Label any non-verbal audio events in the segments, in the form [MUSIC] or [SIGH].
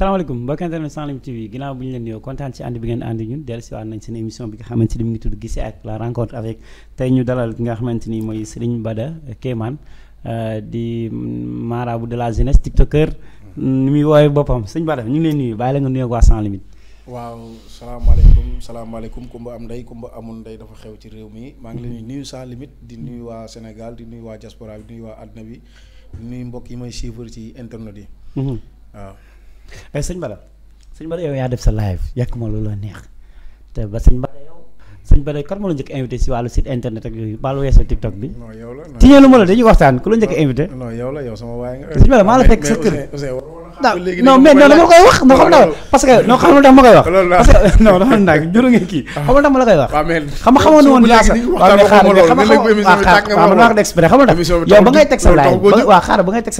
salaamaaleykum mbokk internet Sans Limites TV ginnaaw bu ñu leen nuyoo kontaan ci ànd bi ngeen ànd ñun dellu si waat nañ seen émission bi tey ñu dalal ki nga xamante ni mooy Serigne Bada Kéemaan euh, di marabout de la jeunesse tiktoker ni muy woowee boppam sëñ Bada ñu ngi leen nuyu bàyyi la nga nuyoog waa Sans Limites waaw salaamaaleykum salaamaaleykum kumba am ndey kumba amul ndey dafa xew ci réew mi maa ngi leen nuyu Sans Limites di nuyu waa Sénégal di nuyu waa diaspora bi di nuyu waa àdduna bi di nuyu mbokk yi mooy suivre ci internet yi mm-hmm. waaw mais eh, sëñ Bada sëñ Bada yow yaa def sa live yekk ma loolu la neex te ba sëñ Bada yow sëñ Bada kan moo la njëkk invité si wàllu site internet ak yooyu baalu weesoo TikTok bi. non yow la tiñeelu ma la dañuy waxtaan ku la njëkk invité. non yow yow maa la fekk sa kër. daaw non mais non dama koy wax non xam naa parce ma koy wax. parce que [LAUGHS] xam nga dama la koy wax. xam nga xamoon woon yaa mais xaar ba ngay teg sa live xaar ba ngay teg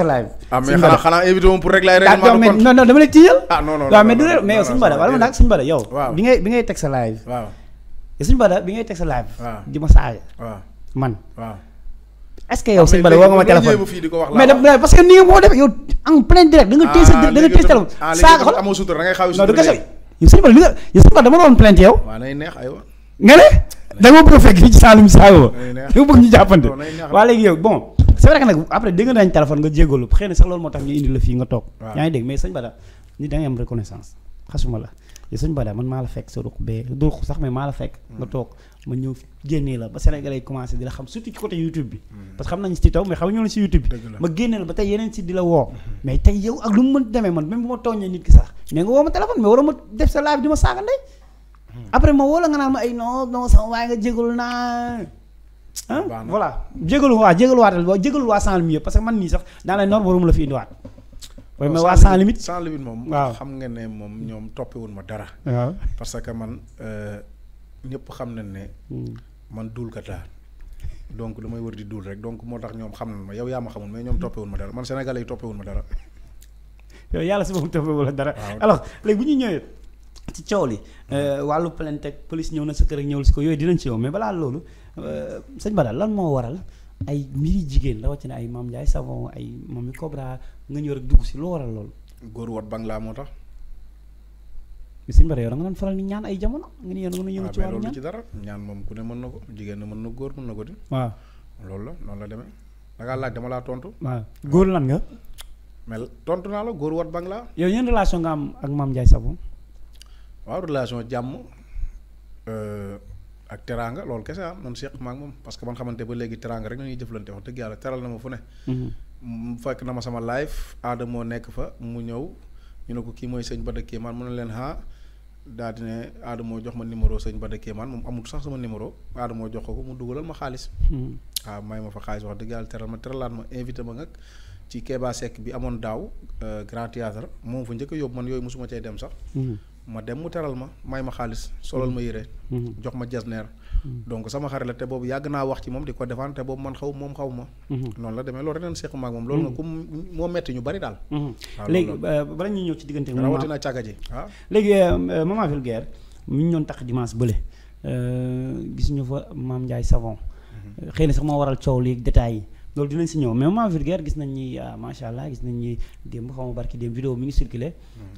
sa live. bada bi ngay bi ngay teg sa man est-ce que yow sëñ Balla woo nga ma téléphone mais da parce que nii moo def yow en nga ah, téye sa ah, a sax loolu moo tax ñu indi la fii nga toog yaa ngi dégg mais sëñ Balla ni da am reconnaissance xasuma la yow sëñ man maa la fekk sa ruq bee du sax mais maa la fekk nga toog ma ñëw génnee la ba sénégalais yi commencé di la xam surtout ci côté YouTube bi. parce que xam nañu si taw mais la si YouTube bi. ma génnee la ba tey yeneen si di la woo. Mhm. mais tey sa live di ma saaga ndey. Hmm. après ay non non sama waaye nga jégalu naa. ah waa jégaluwaatal waa jégalu waa sans limite parce que man nii sax dans les normes la fi indiwaat. waaw mais waa sans limite sans limite moom. waaw xam nga ne moom ñoom toppewul ma dara. waaw parce que man. Euh, ñëpp xam nañ ne. Hmm. man duulkat laa donc damay wër di dul rek donc moo tax ñoom xam nañ ma yow yaa ma xamul mais ñoom toppewul ma dara man sénégalais yi toppewul ma dara. [LAUGHS] yow yàlla si boppam toppewul la dara. alors léegi bu ñu ñëwee ci coow li hmm. euh, wàllu plainte ak police ñëw na sa kër ak ñëwul si ko yooyu dinañ ci yow mais balaa loolu euh, sëñ Bada lan moo waral ay mbiri jigéen rawatina ay Mame Ndiaye Savon ay Mamy Cobra nga ñëw rek dugg si lu waral loolu. góor laa moo tax. sëñ Bara yow da nga doon faral ni ñaan ay jamono nga ni yéen mën a yëngu ah, ci wàllu ñaan ci dara ñaan moom ku ne mën na ko jigéen na mën na góor mën na ko di waaw loolu la noonu la demee da ngaa laaj dama laa tontu waaw góor lan nga mais tontu naa la góor wat bang laa yow yéen relation nga am ak Mame Ndiaye Savon waaw relation jàmm euh, ak teraanga loolu kese ah noonu seq ma moom parce man xamante ba léegi teraanga rek nañuy jëflante wax dëgg yàlla teral mhm. mm, moo nekk fa mu ñëw ñu ne ko kii mooy daal di ne moo jox ma numéro sëñ Bada Kéemaan moom amul sax sama numéro moo jox ko ko mu dugalal ma xaalis. waaw hmm. ah, may ma fa xaalis wax dëgg yàlla teral ma teralaat ma invité ma nag ci keebaa sekk bi amoon daaw euh, Grand Théâtre moom fa njëkk a yóbbu man yooyu mosuma cay dem sax. Hmm. ma dem mu teral ma may ma xaalis solal ma yére. Hmm. jox ma jasneer donc sama xarit la te boobu yàgg naa wax ci moom di ko défendre te boobu man xaw moom xaw ma. Mhm. noonu la demee loolu ren seq ma ak moom. Mhm. ñu bari daal. Mhm. léegi euh, bala ñuy ñëw ci diggante. moom rawatina càgga ji ah. léegi euh, euh, maman Vulgaire mi ñu doon tax dimanche bële gis ñu fa maam Ndiaye Savon. xëy na sax moo waral coow léegi détails yi. loolu dinañ si ñëw mais ma Vulgaire gis nañ ni ah, macha allah gis nañ ni démb xaw ma barki démb vidéo mi ngi circulé.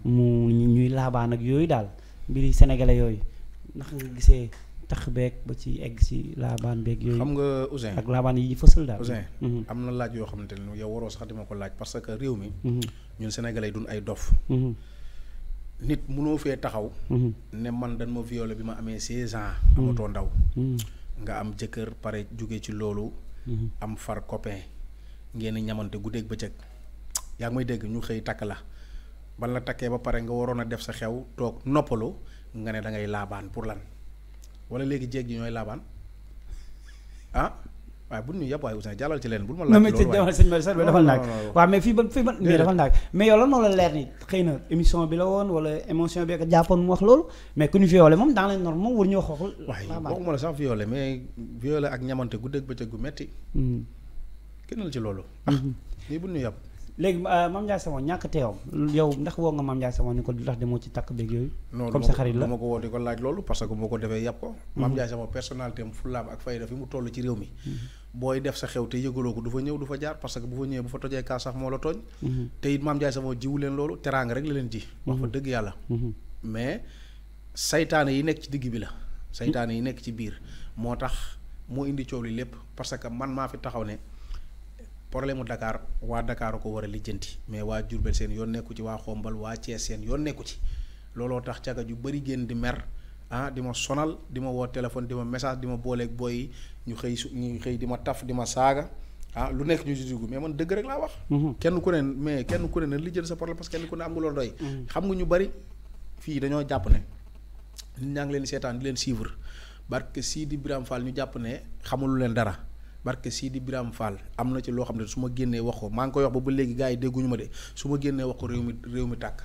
mu ñuy laabaan ak yooyu daal mbiri sénégalais yooyu ndax nga gisee. tax beeg ba ci egg si laabaan beeg yooyu. xam nga Ouzin ak laabaan yi fësal daal. Ouzin mhm. am na laaj yoo xamante ne yow waroo sax dima ko laaj parce que réew mi. Mhm. ñun sénégalais yi duñ ay dof. Mhm. nit munoo fee taxaw. ne man dañ ma violé bi ma amee 16 ans. amatoo ndaw. nga am jëkkër pare jóge ci loolu. am far copain ngeen ñamante guddeeg bëccëg. yaa ngi may dégg ñu xëy takk la ban la takkee ba pare nga waroon a def sa xew toog noppalu nga ne da laabaan wala léegi jéeg yi ñooy laabaan ah. waaw bu ñu yàpp waaye Ousseyn jàllal ci leen bul ma laaj loolu waaye sëñ Malick Sarr bi dafal naag waaw mais fii ba fii ba mais dafal naag mais yow lan moo la leer ni xëy na émission bi la woon wala émotion bi ak jàppoon mu wax loolu mais ku ñu violé moom dans les normes moom war ñu wax waxuma la sax violé mais violé ak ñamante guddeeg bëccëg gu metti génnal mm. ci loolu mm-hmm. ah lii bu ñu yàpp léegi euh, Mame Ndiaye Savon ñàkk teewam yow ndax woo nga Mame Ndiaye Savon ni ko ndax demoo ci takk beeg yooyu. comme sa xarit la non ma ko woo di ko laaj loolu parce que moo ko defee yàpp ko. Mhm. Mame Ndiaye Savon personnalité am toll ci réew mi. Mhm. booy def sa te yëgaloo ko du ñëw du fa jaar parce que bu fa ñëwee bu fa tojee kaa sax moo la tooñ. Mhm. te it Mame Ndiaye leen loolu teraanga rek la leen ji. wax fa dëgg yàlla. mais saytaane yi nekk ci digg bi la. saytaane yi nekk ci biir moo tax moo indi coow li lépp parce que man maa fi taxaw ne problème mu Dakar waa dakaaru ko war a lijjanti mais waa Diourbel seen yoon nekku ci waa Xombal waa Thiès seen yoon nekku ci looloo tax ca caga ju bari génn di mer ah di ma sonal di ma woo téléphone di ma message di ma booleek booy ñu xëy su ñu xëy di ma taf di ma saaga ah lu nekk ñu si dugg mais man dëgg rek laa wax. Mhm. kenn ku ne mais kenn ku ne na lijjanti sa problème parce que kenn ku ne am nga loo doy. Mhm. xam nga ñu bëri fii dañoo jàpp ne nit ñaa ngi leen seetaan di leen suivre barke Sidi Birame Fall ñu jàpp ne xamul leen dara. barke di Birame Fall am na ci loo xam ne su ma génnee wax ko maa ngi koy wax ba ba léegi gars yi dégguñu ma de su ma génnee wax ko réew mi tàkk.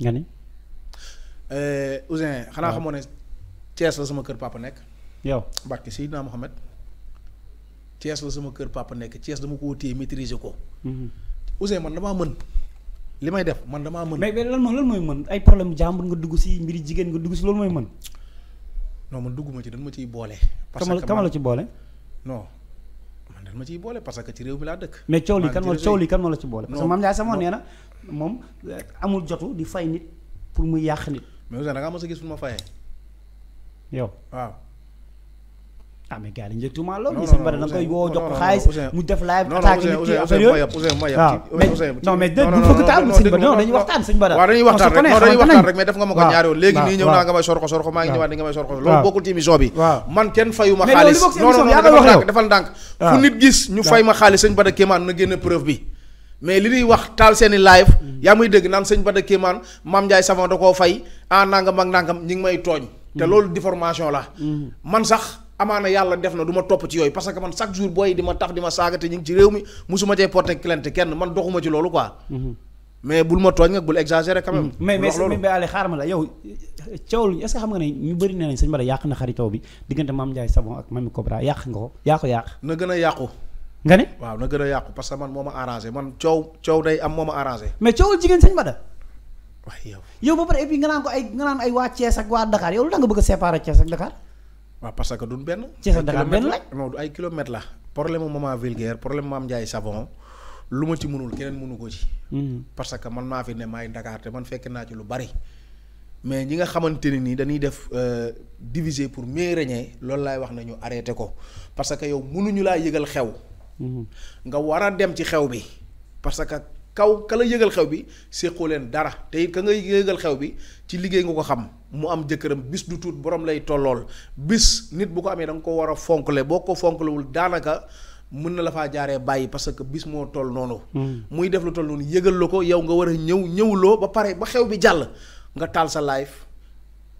nga ni. Eh, Ouzin xanaa xamoo ne Thiès la sama kër papa nekk. yow barke Seydina Mohamed Thiès la sama kër papa nekk Thiès dama ko téye maîtriser ko. Mhm. Ouzin man damaa mën. li may def man damaa mën. mais mais lan mooy lan mooy mën ay problème jàmbur nga dugg si mbiri jigéen nga dugg si loolu mooy mën. non ma dugguma ci dañ ma ciy boole. parce que kama la ci boole. non ma ciy boole parce que ci réew mi laa dëkk. mais coow li kan moo coow li kan moo la ci boole. parce que Mame Ndiaye sama nee na moom eh, amul jotu di fay nit pour mu yàq nit. mais da ngaa mos a gis fu ma fayee. yow waaw. ah mais gars yi dañu tuumaal loolu. non non non koy woo jox ko xaalis mu def mais non non dañuy waxtaan sëñ Bada. waaw dañuy waxtaan rek non dañuy waxtaan rek ma ko ñaari yoon léegi nii ñëw naa nga may sorko sorko maa ngi ñëwaat di nga may ma xaalis na génn preuve bi mais li ñuy wax taal seeni live mm. yaa muy dégg naan sëñ Bada kéemaan Mame Ndiaye Savon koo fay ah nangam ak nangam ñi ngi may tooñ te loolu diffamation la man sax amaana yàlla def na du ma topp ci yooyu parce que man chaque jour booy di ma taf di ma saaga te ñu ci réew mi musuma cee porter plainte kenn man doxuma ci loolu quoi. Mhm. mais bul ma tooñ nga ne ñu bëri ne nañ sëñ yàq na xaritoo bi diggante Mame Ndiaye Savon ko yaa ko yàq. na gën a yàqu. nga ne waaw na gën a yàqu parce que man moo ma arrangé man coow coow day am moo ma arrangé. mais coowul jigéen sëñ Bada. waaye yow. ba pare et puis nga naan ko ay nga naan ay waa Thiès ak waa Dakar yow lu tax nga bëgg a séparer ak Dakar waaw parce que duñ benn. ci sa dara benn la non du ay kilomètres la. problème mu maman vulgaire problème maam Ndiaye savon lu ma ci mënul keneen mënu ko ci. Hmm. parce que man maa fi ne maay Dakar te man fekk naa ci lu bari. mais ñi nga xamante ne nii dañuy def euh, diviser pour mieux régner loolu laay wax nañu arrêté ko parce que yow mënuñu laa yëgal xew. Hmm. nga war a dem ci xew bi parce que kaw ka la yëgal xew bi séqoo leen dara te it ka nga yëgal xew bi ci liggéey nga ko xam. mu am jëkkëram bis du tuut borom lay tollool bis nit bu ko amee da nga ko war a fonkle boo ko fonklewul daanaka mën na la faa jaaree bàyyi parce que bis moo toll noonu. Hmm. muy def lu toll noonu yëgal la ko yow nga war a ñëw ñëwuloo ba pare ba xew bi jàll nga taal sa live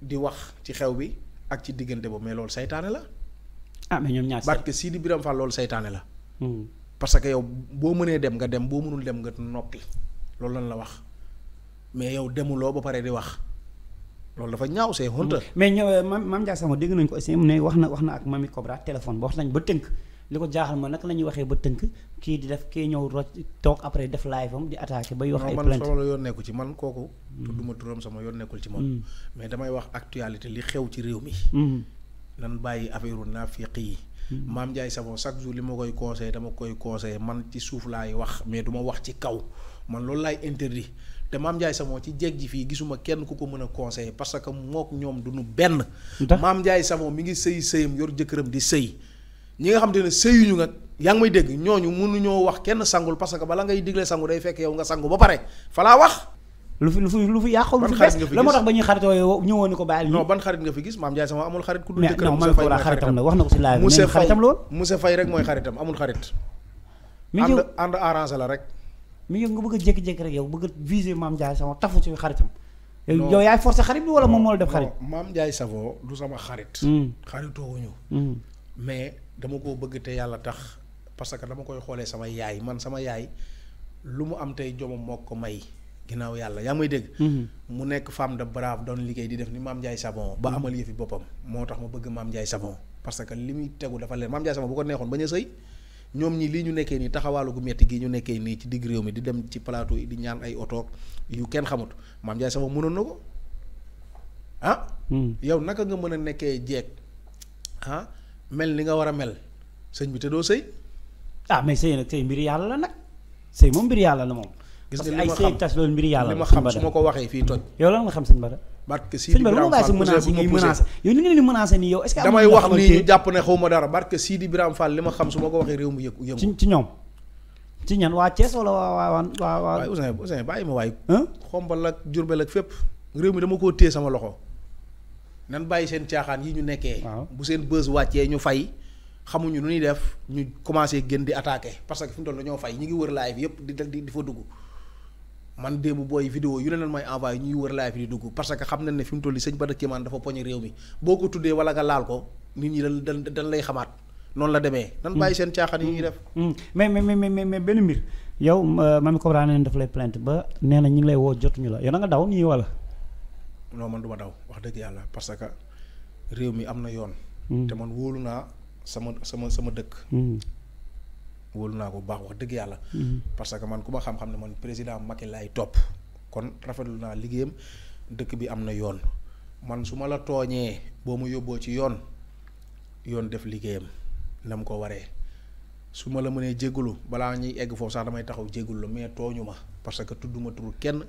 di wax ci xew bi ak ci diggante boobu mais loolu saytaane la. ah ñoom ñaar parce que Sidi Biram Fall loolu saytaane la. Hmm. parce que yow boo mënee dem nga dem boo mënul dem nga noppi loolu lañ la wax mais yow demuloo ba pare di wax. loolu dafa ñaaw c'est honte. Mm. mais ñoom euh, Mame Mame Ndiaye Sakho dégg nañu ko aussi mu ne wax na wax na ak Mamy Cobra téléphone ba wax nañ ba tënk li ko jaaxal ma naka la ñuy waxee ba tënk kii di def kii ñëw roj toog après def live am di attaqué. bay wax ay plainte man solo yoon nekku ci man kooku. Mm. tudduma turam sama yoon nekkul ci moom. Mm. mais damay wax actualité li xew ci réew mi. nan bàyyi affaire naafiq yi. maam Ndiaye Savon chaque jour li ma koy conseillé dama koy conseillé man ci suuf laay wax mais duma wax ci kaw man loolu laay interdit te maam Ndiaye Savon ci jeg ji fii gisuma kenn ku ko mën a conseillé parce que moo mook ñoom du ñu benn. maam Ndiaye Savon mi ngi sëy sëyam yor jëkkëram di sëy ñi nga xam te ne sëyuñu nag yaa ngi may dégg ñooñu mënuñoo wax kenn sangul parce que bala ngay digle sangu day fekk yow nga sangu ba pare falaa wax. lu fi lu fi lu fi yàqul lu la moo ba ñuy xaritoo ñëwoon ni ko bàyyi non ban xarit nga fi gis maam Ndiaye sama amul xarit ku dul jëkkër non Mamy Cobra xaritam la wax na ko si live Moussa Faye xaritam la woon Moussa Faye rek mooy xaritam amul xarit mi ngi ànd nga bëgg a jékki rek yow bëgg a viser maam Ndiaye sama tafu ci xaritam bi wala moom moo la def xarit maam Ndiaye Savon du sama xarit mm. xaritoo wuñu mm. mais dama koo bëgg te yàlla tax parce que dama koy xoolee sama yaay man sama yaay lu mu am tey jomam moo ko may ginnaaw yàlla yaa may dégg. Mhm. mu nekk femme de brave doon liggéey di def ni Mame Ndiaye Savon ba mhm. amal yëfi boppam moo tax ma bëgg Mame Ndiaye Savon parce que li muy tegu dafa leen Mame Ndiaye Savon bu ko neexoon bañ a sëy ñoom ñi lii ñu nekkee nii taxawaalu gu metti gi ñu nekkee nii ci réew mi di dem ci plateau yi di ñaan ay otoog yu kenn xamut Mame Ndiaye Savon mënoon na ko ah. Mhm. yow naka nga mën a nekkee jeeg ah mel ni nga war a mel sëñ bi te doo sëy. ah mais sëy nag sëy mbir yàlla la nag sëy moom mbir yàlla na moom. gis nga li ma xam parce que ay mbiri yàlla li ma xam su ma ko waxee fii toj. yow lan nga xam sëñ Bada. barke Sidi ma poussé yow ni nga leen di menacé nii yow est ma li ma xam su ma ko waxee réew mi yëngu. ci ci ñoom ci ñan waa Thiès wala waa waa waa waa. waaye Ousseyn bàyyi ma waay. xombal ak Jurbel ak fépp réew mi dama koo téye sama loxo nan bàyyi seen caaxaan yi ñu nekkee. bu seen bës wàccee ñu fay. xamuñu nu ñuy def ñu commencé gën di attaqué parce que fi mu toll dañoo fay ñu ngi wër live yëpp di di fa dugg man démb booy vidéo yu ne leen may envoyé ñuy wër live di dugg parce que xam nañ ne fi mu toll sëñ Bada Kéemaan dafa poñe réew mi boo ko tuddee wala nga laal ko nit ñi dañ dañ dañ lay xamaat noonu la demee. nan hmm. bàyyi seen caaxaan yi ñuy def. Hmm. Hmm. mais mais mais mais benn mbir yow euh, Mamy Cobra ba nee na ñu ngi lay woo jotuñu la yow da nga daw nii wala. non man du ma daw wax dëgg yàlla parce que réew mi am na yoon. te man wóolu naa sama sama sama dëkk. wóolu naa ko baax wax dëgg yàlla. Mhm. parce que man ku ma xam-xam ne man président Macky laay topp. kon rafetlu naa liggéeyam dëkk bi am na yoon man su ma la tooñee boo ma yóbboo ci yoon yoon def liggéeyam na ko waree su ma la mënee jégalu balaa ñuy egg foofu sax damay taxaw jégalu la mais tooñu ma parce que tudduma turu kenn.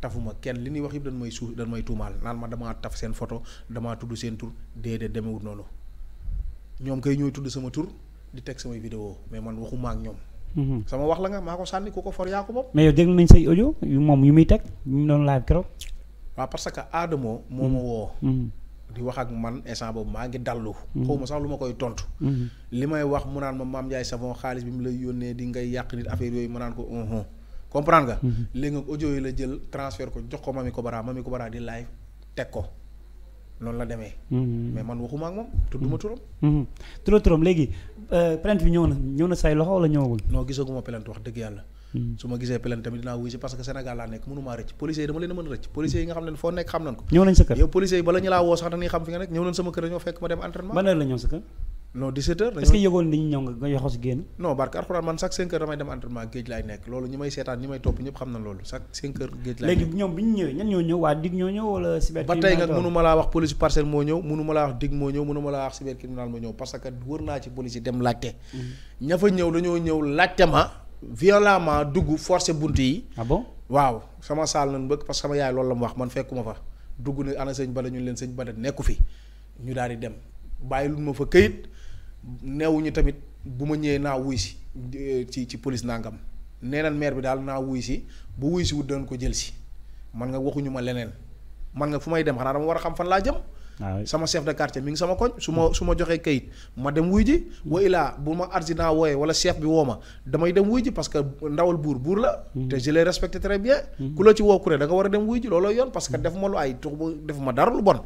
tafuma kenn li ñuy wax yëpp dañ may suuf dañ may tuumaal naan ma damaa taf seen foto damaa tudd seen tur déedéet demewut noonu ñoom kay ñooy tudd sama di teg samay vidéo mais man waxuma ak ñoom. Mhm. sama wax la nga maa ko sànni ku ko for yaa ko bopp. mais yow déglu nañ say audio yu moom yu muy teg ñu ngi doon live keroog. waaw parce que Adamo moo ma mhm. woo. Mhm. di wax ak man instant boobu maa ngi dallu. xaw ma sax lu ma koy tontu. li may wax mu naan ma maam Ndiaye Savon xaalis bi mu lay yónnee di ngay yàq nit affaire yooyu mu naan ko. comprendre nga. léegi nag audio yi la jël transfert ko jox ko Mamy Kobara Mamy Kobara di live ko. loolu la demee. Mm-hmm. mais man waxuma moom. tudduma turam. Mm-hmm. turam léegi euh, plainte bi ñëw na ñëw na say loxo wala ñëwagul. non gisaguma plainte wax dëgg yàlla. Mm-hmm. su ma gisee plainte tamit dinaa wuy si parce que Sénégal laa nekk mënumaa rëcc policiers yi dama leen a mën a rëcc policiers yi nga xam ne foo nekk xam nañ ko. ñëw nañ sa kër yow policiers bala ñu laa woo sax dañuy xam fi nga nekk ñëw nañ sama kër dañoo fekk ma dem entraînement. ban heure la ñëw sa kër. non 17 heures. est-ce que yëgoon nañu ñëw nga yoxos génn. non barke alxuraan man chaque 5 heures damay dem entraînement géej laay nekk loolu ñi may seetaan ñi may topp ñëpp xam na loolu chaque 5 heures géej laay léegi ñoom bi ñu ñëwee ñan ñoo ñëw waa dig ñoo ñëw wala cyber ba tey nag mënu ma laa wax police parcelle moo ñëw mënu ma laa wax dig moo ñëw mënu ma laa wax cyber criminal moo ñëw parce que wër naa ci police yi dem laajte mhm. ña fa ñëw dañoo ñëw laajte ma violemment dugg forcé bunt yi ah bon waaw sama saal nañ bëgg parce que sama yaay loolu la ma wax man fekkuma fa dugg ne ana sëñ bala ñu leen sëñ bala nekku fi ñu daal di dem bàyyi lu ma fa këyit neewuñu tamit bu ma ñëwee naa wuy si eh, ci ci police nangam nee naan maire bi daal naa wuy si bu wuy si wut doon ko jël si man nga waxuñu ma leneen man nga fu may dem xanaa dama war a xam fan laa jëm. Ah sama chef de quartier mi ngi sama koñ su ma su ma joxee kayit ma dem wuy ji. wa illah bu ma argina wooyee wala chef bi woo ma damay dem wuy ji parce que ndawal buur buur la. Hmm. te je les respecte très bien. Hmm. ku la ci woo kuré da war a dem wuy ji looloo yoon parce que hmm. def ma lu ay tux bu ma dara lu bon.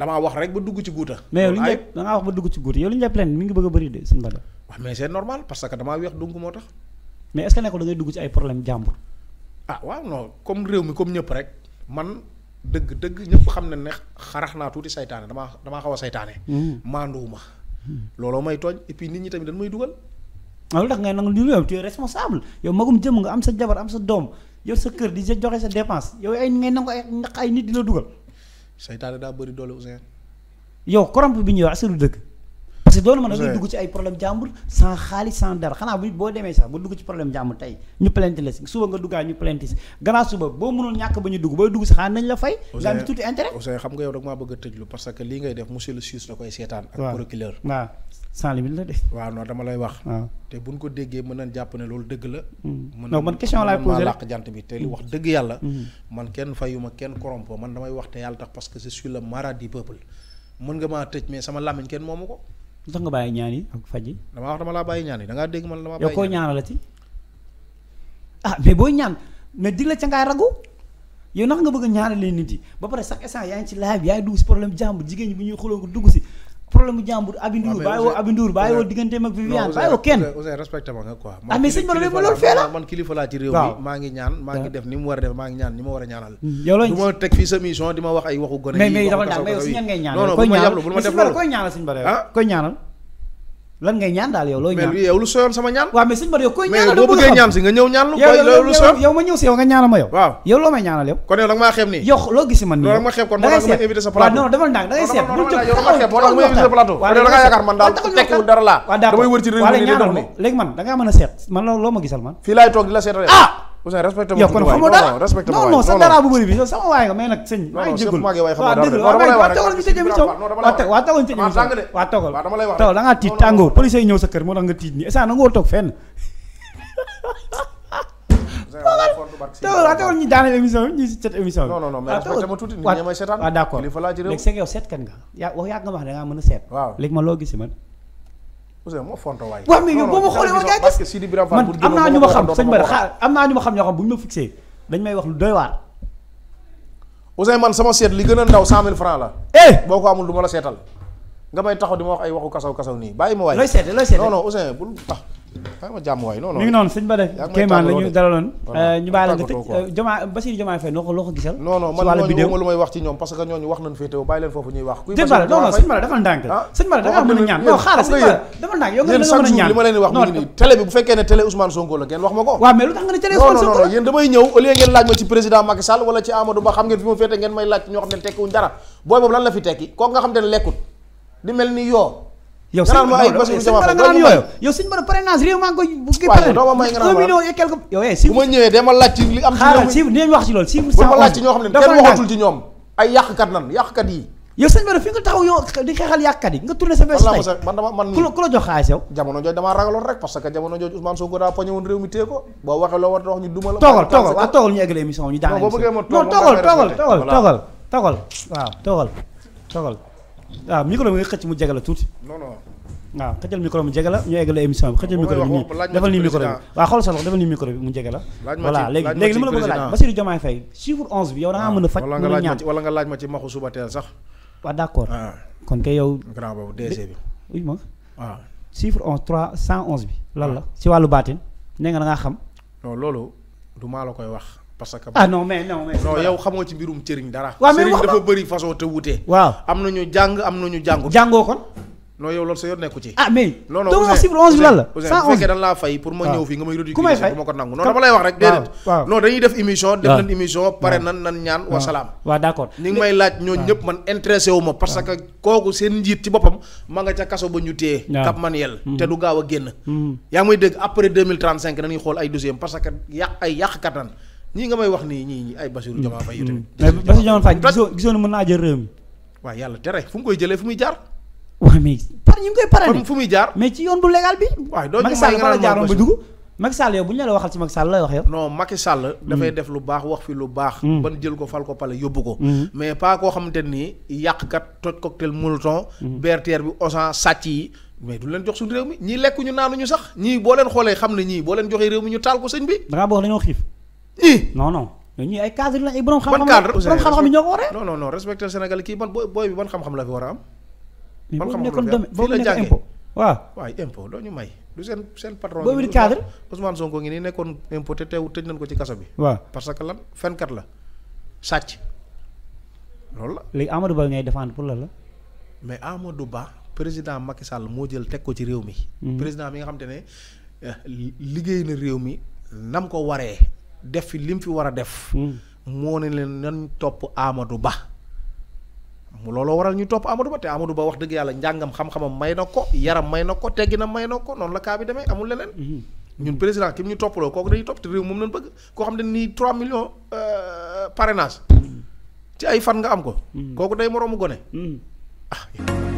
damaa wax rek ba dugg ci guuta mais yow li ñu da ngaa wax ba dugg ci guuta yow li ñu jàpp leen mi ngi bëgg a bëri de suñu bada wax mais c'est normal parce que damaa weex donc moo tax dugg ci problème jàmbur ah waaw non comme réew mi comme ñëpp rek man dëgg dëgg ñëpp xam ne ne xarax naa tuuti saytaane damaa damaa xaw a saytaane hmm. maanduwuma hmm. looloo may tooñ et puis nit ñi tamit dañ may dugal waaw ah, lu ngay nangu lu yow tu es yow magum jëm nga am sa jabar am sa doom yow sa kër di joxe sa dépense yow ay ngay nangu ay ndax ay nit di la dugal seytaane daa bëri doole Ousseyn. yow corrompu bi ñuy wax asuru dëgg. parce que doonu mën a nga dugg ci ay problème jàmbur sans xaalis sans dara xanaa boo demee sax ba dugg ci problème jàmbur tey ñu plainte la si suba nga duggaa ñu plainte si gannaaw suba boo mënul ñàkk ba ñu dugg booy dugg si xanaa nañ la fay nga am ci tuuti intérêt Ousseyn xam nga yow rek maa bëgg a tëjlu parce que lii ngay def monsieur le juge da koy seetaan ak procureur waaw sans limite la de. waaw non dama lay wax. waaw te buñ ko déggee mën nañ jàpp ne loolu dëgg la. Hmm. non man question laay posé jant bi te li hmm. wax dëgg yàlla. Hmm. man kenn fayuma kenn corrompo man damay wax te yàlla tax parce que je suis le marade du peuple mën nga maa tëj mais sama làmmiñ kenn moomu ko. lu tax nga bàyyi ñaan yi ak faj yi. damaa wax dama laa bàyyi ñaan yi da dégg man damaa. bàyyi ñaan yow koo ñaanalati. ah mais booy ñaan mais dig la ca ngaay ragu. yow ndax nga bëgg a ñaanalee nit yi ba pare chaque instant yaa ngi ci live yaa ngi dugg si ñuy xuloo ko dugg si problème bu jàmbur Abi Ndour bàyyi woo Abi Ndour bàyyi woo digganteem ak Viviane bàyyi woo kenn Ousseyn respecté ma nga quoi ah, loolu fee la man kilifa réew mi maa ngi ñaan maa ngi def ni mu war a def maa ngi ñaan ni ma war a ñaanal yow lañ ma teg fii sa mission di ma wax ay waxu gone mais dafa daal mais yow si ñan ngay ñaanal koy ñaanal koy ñaanal sëñ Balla ah? koy ñaanal lan ngay ñaan daal yow looy ñaan mais yow lu sooyoon sama ñaan waaw mais suñu bar yow koy ñaanal mais boo bëggee ñaan si nga ñëw ñaan lu koy lu sooyoon yow ma ñëw si yow nga ñaanal ma yow waaw yow loo may ñaanal yow kon yow da nga maa xeeb nii yow loo gis man nii da nga ma xeeb kon moo tax ma invité sa plateau waaw non demal ndànk da ngay seet bul jóg yow da nga ma xeeb moo tax ma invité sa plateau waaw da nga yaakaar man daal tekkiwul dara laa damay wër ci réew mi léegi man da ngaa mën a seet man loo ma gisal man fii laay toog di la seetal ah Ousseyn respecté ma tuuti waay non non respecté ma waay non non sa dara bu bëri bi sama waay nga mais nag sëñ. maa ngi jégalu waaw dëgg la waaw toogal ñu tëjee émission tiit tàngoo police yi ñëw sa kër moo tax nga tiit nii instant na nga toog fenn toogal waaw toogal ñu daaneel émission bi ñu si cet bi. non non léegi sëñ yow seetkat nga yaa wax nga wax da mën a seet léegi ma loo gis man Ousseyn moo fonto waay. non non non non parce que Sidi Birame Fall bu am naa ñu ma xam sëñ Mbada xaar am naa ñu ma xam ñoo xam bu ñu ma fixé dañ may wax lu doy waar. Ousseyn man sama seet li gën a ndaw cent mille francs la. eh boo ko amul du ma la seetal nga may taxaw di ma wax ay waxu kasaw kasaw nii bàyyi ma waay. looy seete looy seete non non Ousseyn bul tax waaw ma jàmm waay non noonu sëñ Bada Kéemaan la ñu dalaloon. Euh, ñu baal euh, loo ko gisal. non non man ñooñu lu may wax ci ñoom parce que ñooñu wax nañu féetewoo bàyyi leen foofu ñuy wax. ndànk ah. sëñ Bada da nga mën a ñaan yéen bi bu fekkee ne télé Ousmane Sonko la ngeen wax ma ko. waaw mais lu tax nga ne télé Ousmane Sonko la non damay ñëw au lieu ngeen laaj ma ci président Macky Sall ci Amadou Ba xam ngeen fi ma féete ngeen may laaj ñoo xam ne tekkiwuñ dara booy boobu lan la fi tekki kooku nga xam yow sëñ Bada nga naan yooyu réew maa ngi koy bu un million et eh, ma laaj ci li am xaaral si dinañ wax ci ne kenn waxatul ci ñoom ay yàqkat nan yàqkat yi yow sëñ Bada fi nga taxaw yow di xeexal yàqkat yi nga tourné sa bés tey man dama ku la jox xaalis yow jamono jooju damaa ragaloon rek parce que jamono jooju Ousmane Sonko daa poñe woon réew mi téye ko boo waxee loo war a wax ñu duma la toogal toogal waaw micro bi nga xëcc mu jege la tuuti. non non. waaw xëccal micro mu jege la ñu eggale émission bi xëccal micro bi nii defal nii micro bi waaw xool sa loxo defal nii micro bi mu jege la voilà a laaj ah, a faj mën a ñaan wala nga laaj ma ci maxu suba teel sax waaw d'accord ah. kon kay yow grand ah. onze trois cent onze bi lan la si wàllu baatin nee nga xam non loolu du maa la koy wax parce que ah non mais non mais. non yow xamoo ci mbirum cëriñ dara. waaw mais wax dafa bëri façon te wute. waaw am na ñu jàng am na ñu jàngut. jàngoo kon. non yow loolu sa yoon nekku ci. ah mais. non non Ousseyn bu fekkee dañ laa fay pour ma ñëw fii nga may rëdd. ku may fay du ma ko nangu dañuy def émission. def nañ émission pare nan nan ñaan wa salaam. waaw d'accord ni ngi may laaj ñooñ ñëpp man intéressé wu ma. parce que kooku seen njiit ci boppam ma nga ca kaso ba ñu téye. Cap Manuel mm. te du gaaw a génn. Mm. yaa ngi may dégg après 2035 dañuy xool ay dossier parce que yàq ay yàqkat ñii nga may wax nii ñii ñii ay hmm. Bassirou Diomaye Faye yu tamit. mais Bassirou Diomaye Faye gisoo gisoo ne mën naa jël réew mi. waaw yàlla tere fu mu koy jëlee fu muy jaar. waaw mais ñu ngi koy parane. fu muy jaar mais ci yoon bu legal bi. waaw doo ñu may nga jaaroon ba dugg. Macky Sall yow bu ñu la waxal ci lay wax yow. non Sall. dafay hmm. def lu baax wax fi lu baax. Hmm. ban jël ko fal ko pale yóbbu ko. mais pas koo xamante ni yàqkat toj cocktail molotov. bertière bi osan sàcc yi. mais du leen jox suñu réew mi ñii lekk ñu naanuñu sax ñii boo leen xoolee xam ne ñii boo leen joxee réew mi ñu taal ko sëñ bi. da ngaa wax dañoo xiif non non ñooñu ay cadre la ay borom xam-xam. ban cadre borom xam-xam yi ñoo ko war a. non non non respecté Sénégal kii ban booy bi ban xam-xam la fi war a am. ban xam-xam la fi am fii la jàngee impôt waaw waaw impôt doo ñu may. du seen seen patron. boobu di cadre Ousmane Sonko ngi nii nekkoon impôt te teew tëj nañ ko ci kaso bi. waaw parce que lan fenkat la sàcc loolu la. léegi Amadou Ba ngay défendre pour lan la. mais Amadou Ba président Macky Sall moo jël teg ko ci réew mi. Mhm. président mi nga xam te ne eh, liggéey na réew mi nam ko waree. def fi lim fi war a def. Hmm. moo ne leen nan topp Amadou Ba. mu looloo waral ñu topp Amadou Ba te Amadou Ba wax dëgg yàlla njàngam xam-xamam may na ko yaram may na ko na may na ko noonu la kaa bi demee amul leneen. Hmm. ñun président ki mu ñu toppaloo kooku dañuy topp te moom lañ bëgg koo xam ne nii 3 millions euh, parrainage. Hmm. ci ay fan nga am ko. kooku day moroomu gone. Ah,